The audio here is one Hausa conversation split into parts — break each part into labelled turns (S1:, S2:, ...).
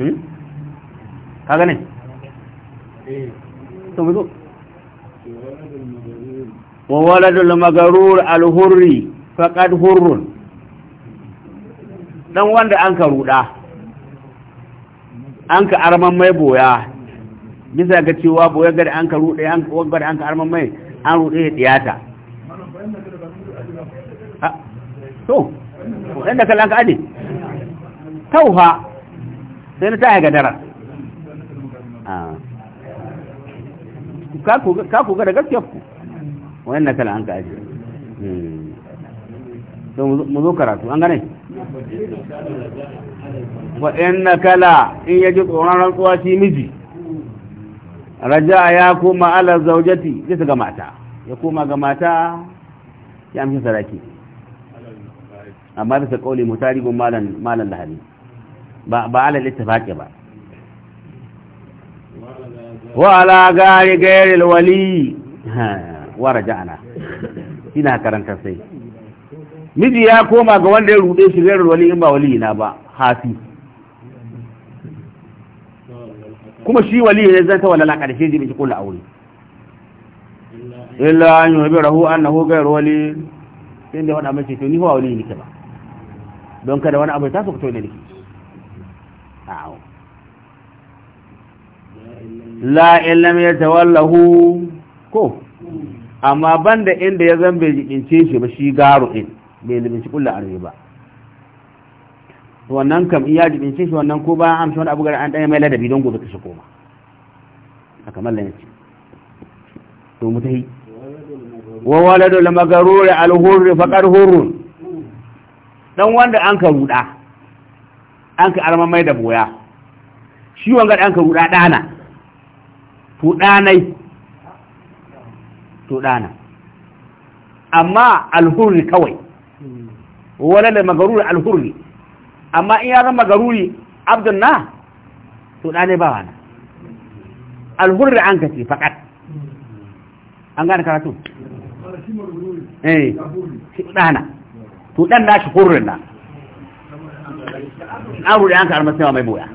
S1: Hmm? ka gane eh. to mu zo wa waladul magarur alhurri faqad hurrun dan wanda an ka ruda an ka arman mai boya bisa ga cewa boya gari an ka rude an ka gari an ka arman mai an rude ya tiyata to wanda kallan ka ade tauha sai na taya dara ah. ka ga da gaskiyar ku wani na kala an ka ajiye hmm. to mu zo karatu an gane wayan na kala in ya ji tsoron rantsuwa shi miji raja ya koma ala zaujati bisa ga mata ya koma ga mata ya amshi saraki amma bisa kauli mutari gun malan lahari ba ba alal ittifaqi ba wa ala gari gairi wali wa raja'ana ina karanta sai miji ya koma ga wanda ya rude shi gairi wali in ba wali na ba hafi kuma shi wali ne zan ta wala la karshe ji miji kula aure illa an yi yubirahu annahu gairu wali sai da wanda mace to ni huwa wali ne ke ba don kada wani abu ta so to ne ne ta'aw la illam yatawallahu ko amma banda inda ya zambe jikince shi ba shi garu in bai shi kullu arbi ba wannan kam iya jibince shi wannan ko ba amsa wani abu gara an ɗaya mai ladabi don gobe shi koma a kamar lana ce to mu wa waladu la alhurri faqad dan wanda an ka ruda an ka arman mai da boya shi wanga da an ka ruɗa ɗana to ɗanai to ɗana amma alhurri kawai wala da magaruri alhurri amma in ya zama magaruri abdun na to ɗanai ba wana alhurri an ka ce faƙat an gane karatu eh ɗana to ɗan na shi hurrin na aure an karɓar sai mai boya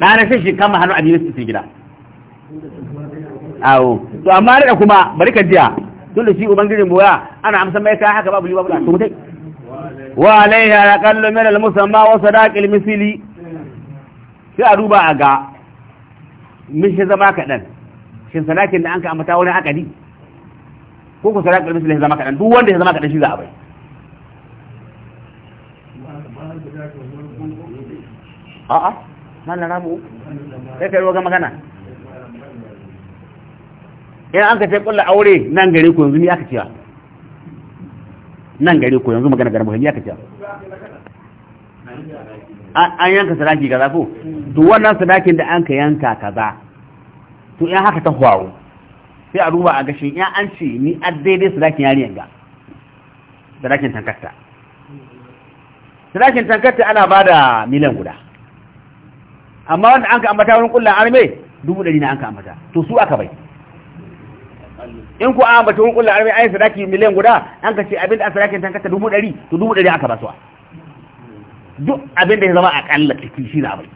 S1: ɗanar eh. shi shi kama hannun abin su gida awo to amma da kuma bari ka jiya tun da shi ubangijin boya ana amsa mai kaya haka babu liwa ba su mutai wa alaihi ala kallo min al musamma wa sadaqil misli sai a duba a ga min shi zama kaɗan shin sadakin da an ka amata wani akadi ko ku sadaqil misli zama kaɗan duk wanda ya zama kaɗan shi za a bai a'a na ramu sai kai ga magana in an ka ce kulla aure nan gare ku yanzu ni aka cewa nan gare ku yanzu magana mu ni aka cewa an yanka sadaki kaza ko to wannan sadakin da an ka yanka kaza to in haka ta hwawo sai a duba a gashin in an ce ni a daidai sadakin yari ga sadakin tankarta sadakin tankarta ana ba da miliyan guda amma wanda an ka ambata wurin kullan arme dubu ɗari na an ka ambata to su aka bai in ku an ambata wurin kullan arme an yi sadaki miliyan guda an ka ce abin da sadakin tankarta dubu ɗari to dubu ɗari aka ba su duk abin da ya zama kalla ciki shi na bai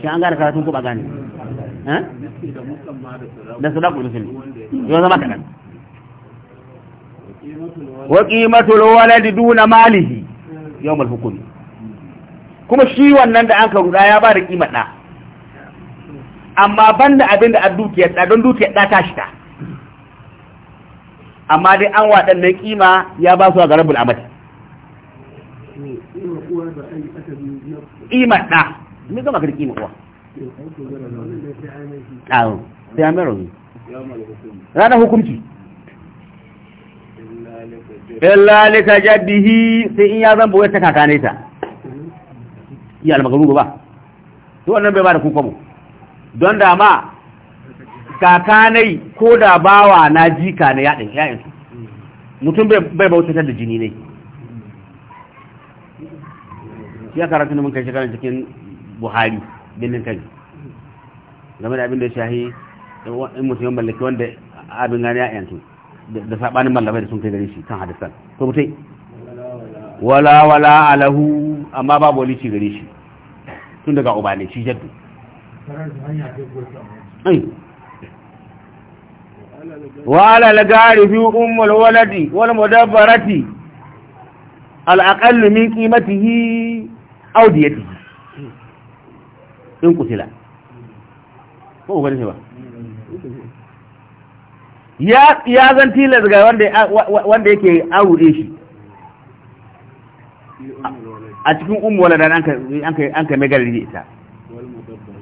S1: shi an gane karatun ko ba gane eh? da sadaku musulmi yau zama kaɗan wa ƙimatul waladi duna malihi yawmal hukumi kuma shi wannan da an ka ruda ya ba da kimar da amma banda abin da a dukiyar da don dukiyar da ta shita amma dai an waɗannan kima ya ba su a garabul amal kimar da me zama ka da kimar uwa ranar hukumci. Bellalika jaddihi sai in ya zan boye ta kakane ta iya almagaru ba to wannan bai ba da kuka mu don da ma kakanai ko da bawa na jika ya din ya yin. mutum bai bautatar da jini ne ya karatu ne mun kai shekarar cikin buhari birnin kai game da abin da shahi in mutum mallaki wanda abin gani ya su da sabanin malamai da sun kai gare shi kan hadisan to mutai wala wala alahu amma babu wani ci gare shi tun daga uba ne jaddu wala gari fi ummul waladi wal mudabbarati al aqall min qimatihi aw diyatihi in kusila ko ba ne ba ya zan tilas ga wanda wanda yake aure shi a cikin ummu wala dan anka anka anka megal ita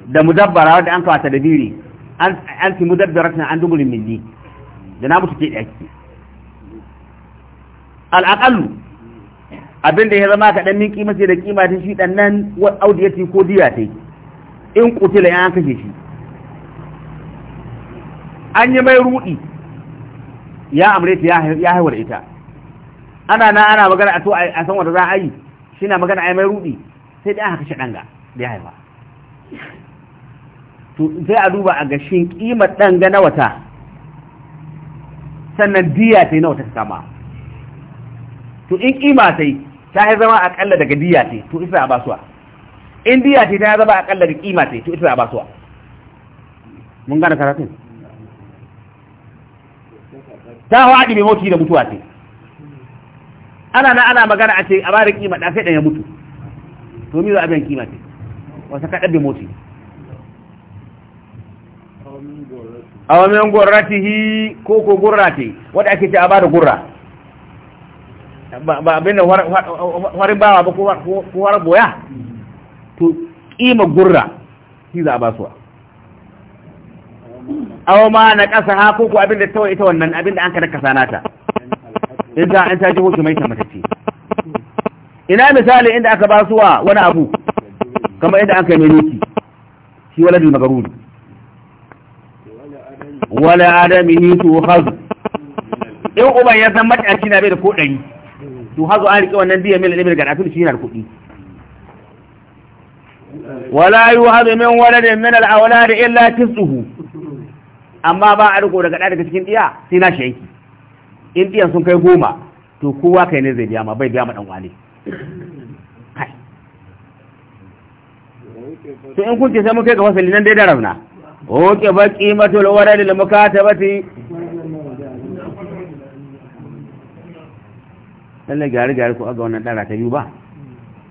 S1: da mudabbara wanda an da biri, an an fi mudabbaratun an dubulin minni da na mutu ke ɗaki al'aƙallu abin da ya zama kaɗan min kima da kima ta shi ɗan nan wa audiyati ko diya ta in kutila ya an kashe shi an yi mai rudi ya amre ta ya haihuwar ita ana na ana magana a to a san wata za a yi shi na magana a yi mai rudi sai dai aka kashe ɗanga da ya haifa to sai a duba a ga shin ƙimar ɗanga na wata sannan diya ta yi na wata kama to in ƙima ta yi ta yi zama aƙalla daga diya ta to isa a basuwa in diya ta yi ta zama aƙalla daga ƙima ta to isa a basuwa mun gane karatun ta haɗi mai mawuki da mutuwa ce ana na ana magana a ce a bada kima da ɗan ya mutu to mi za a biyan kima ce wata kaɗan bai mawuki a wamin gurratihi ko ko gurra ce wadda ake ce a bada gurra ba abin da warin bawa ba ko warin boya to kima gurra shi za a basuwa aw ma na kasa ha ko abin da tawa ita wannan abin da an ka nakasa nata idan an ta jibo mai ta matace ina misali inda aka ba suwa wani abu kamar inda aka yi menuki shi bil magaruri wala adami ni tu hazu in uban ya zama matsanci na bai da kodari to hazu an rike wannan biyan miliyan ɗaya garafin shi yana da kuɗi wala yuhadu min waladin min al-awlad illa tisuhu amma ba a riko daga ɗaya daga cikin ɗiya sai na shi yanki in ɗiyan sun kai goma to kowa kai ne zai biya ma bai biya ma ɗan wane to in kun ce sai mun kai ga fasali nan dai da rauna oke ba qimatul warad lil mukatabati lalle gari gari ko aga wannan dara ta biyu ba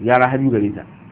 S1: yara habibu gari ta